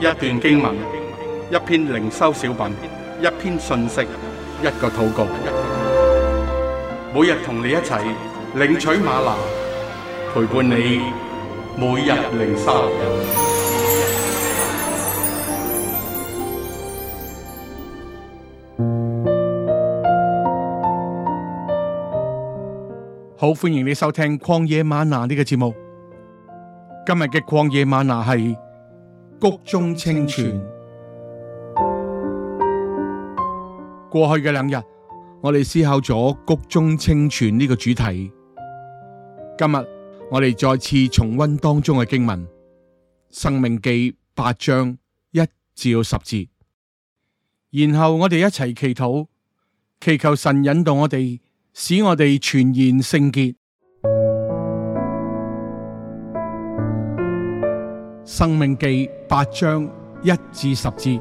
一段經文，一篇靈修小品，一篇信息，一個禱告。每日同你一齊領取嗎哪，陪伴你每日靈修。好，歡迎你收聽《曠野嗎哪》呢個節目。今日嘅曠野嗎哪係。谷中清泉。過去嘅兩日，我哋思考咗谷中清泉呢個主題。今日我哋再次重溫當中嘅經文《申命記》八章一至到十節，然後我哋一齊祈禱，祈求神引導我哋，使我哋傳言聖潔。申命記八章一至十節。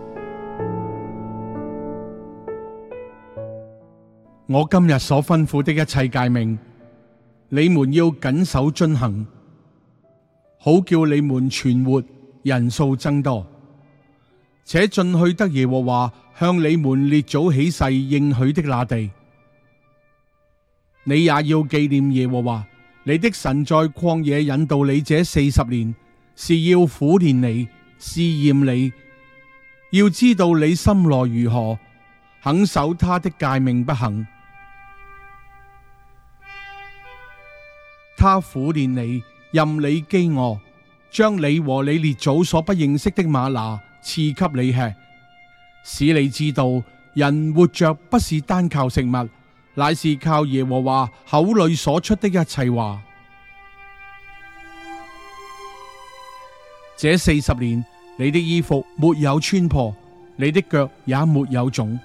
我今日所吩咐的一切誡命，你們要謹守遵行，好叫你們存活，人數增多，且進去得耶和華向你們列祖起誓應許的那地。你也要紀念耶和華你的神在曠野引導你這四十年。是要苦練你，試驗你，要知道你心內如何，肯守他的誡命不行。他苦練你，任你飢餓，將你和你列祖所不認識的嗎哪賜給你吃，使你知道人活着不是單靠食物，乃是靠耶和華口裏所出的一切話。這四十年，你的衣服沒有穿破，你的腳也沒有腫。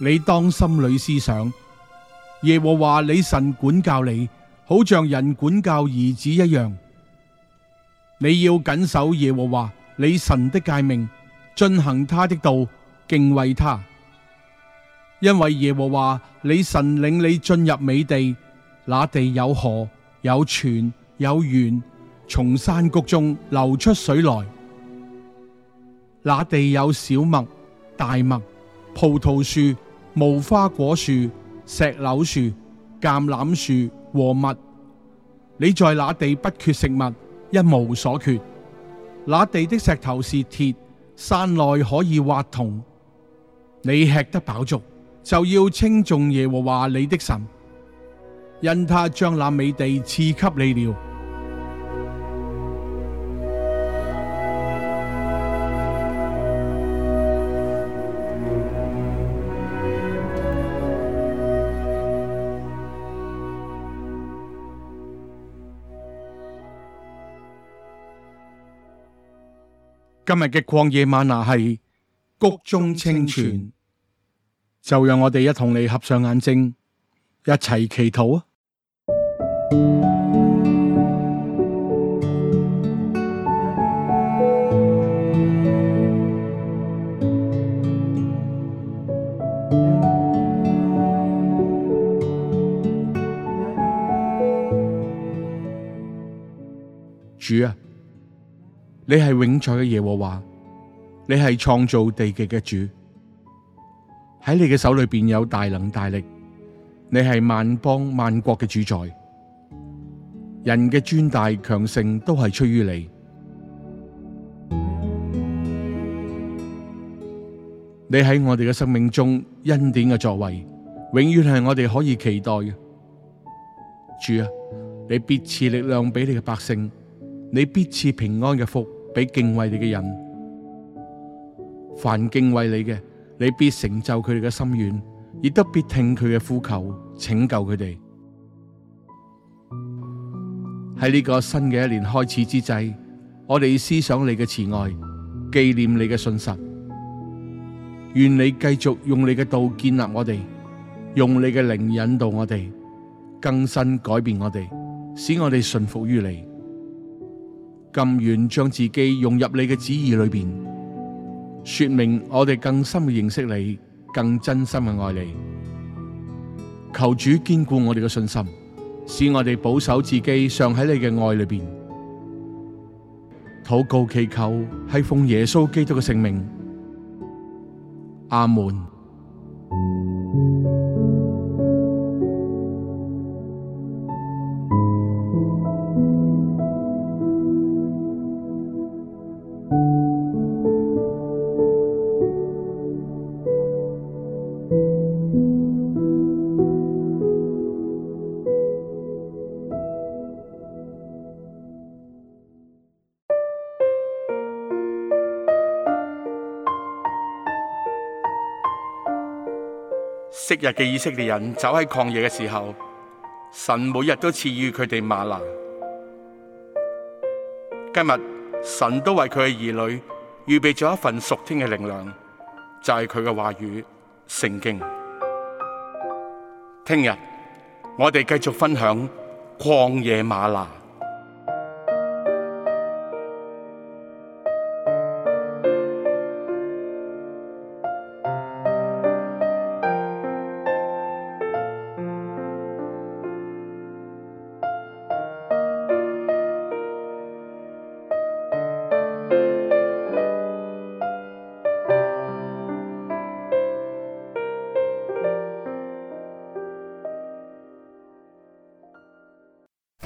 你當心裏思想，耶和華你神管教你，好像人管教兒子一樣。你要謹守耶和華你神的誡命，遵行他的道，敬畏他，因為耶和華你神領你進入美地，那地有河，有泉，有源。從山谷中流出水來，那地有小麥、大麥、葡萄樹、無花果樹、石榴樹、橄欖樹和蜜。你在那地不缺食物，一無所缺。那地的石頭是鐵，山內可以挖銅。你吃得飽足，就要稱頌耶和華你的神，因他將那美地賜給你了。今日嘅曠野嗎哪係谷中清泉，就讓我哋一同嚟合上眼睛，一齊祈禱啊！主啊！你係永在嘅耶和華，你係創造地極嘅主，喺你嘅手裏邊有大能大力，你係萬邦萬國嘅主宰，人嘅尊大強盛都係出於你。你喺我哋嘅生命中恩典嘅作為，永遠係我哋可以期待嘅主啊！你必賜力量俾你嘅百姓，你必賜平安嘅福。俾敬畏你嘅人，凡敬畏你嘅，你必成就佢哋嘅心願，亦都必聽佢嘅呼求，拯救佢哋。喺呢個新嘅一年開始之際，我哋思想你嘅慈愛，紀念你嘅信實，願你繼續用你嘅道建立我哋，用你嘅靈引導我哋，更新改變我哋，使我哋信服於你。咁願將自己融入你嘅旨意裏邊，說明我哋更深嘅認識你，更真心嘅愛你。求主堅固我哋嘅信心，使我哋保守自己，尚喺你嘅愛裏邊。禱告祈求係奉耶穌基督嘅聖名。阿門。昔日嘅以色列人走喺曠野嘅時候，神每日都賜予佢哋嗎哪。今日神都為佢嘅兒女預備咗一份屬天嘅力量，就係佢嘅話語《聖經》。聽日我哋繼續分享曠野嗎哪。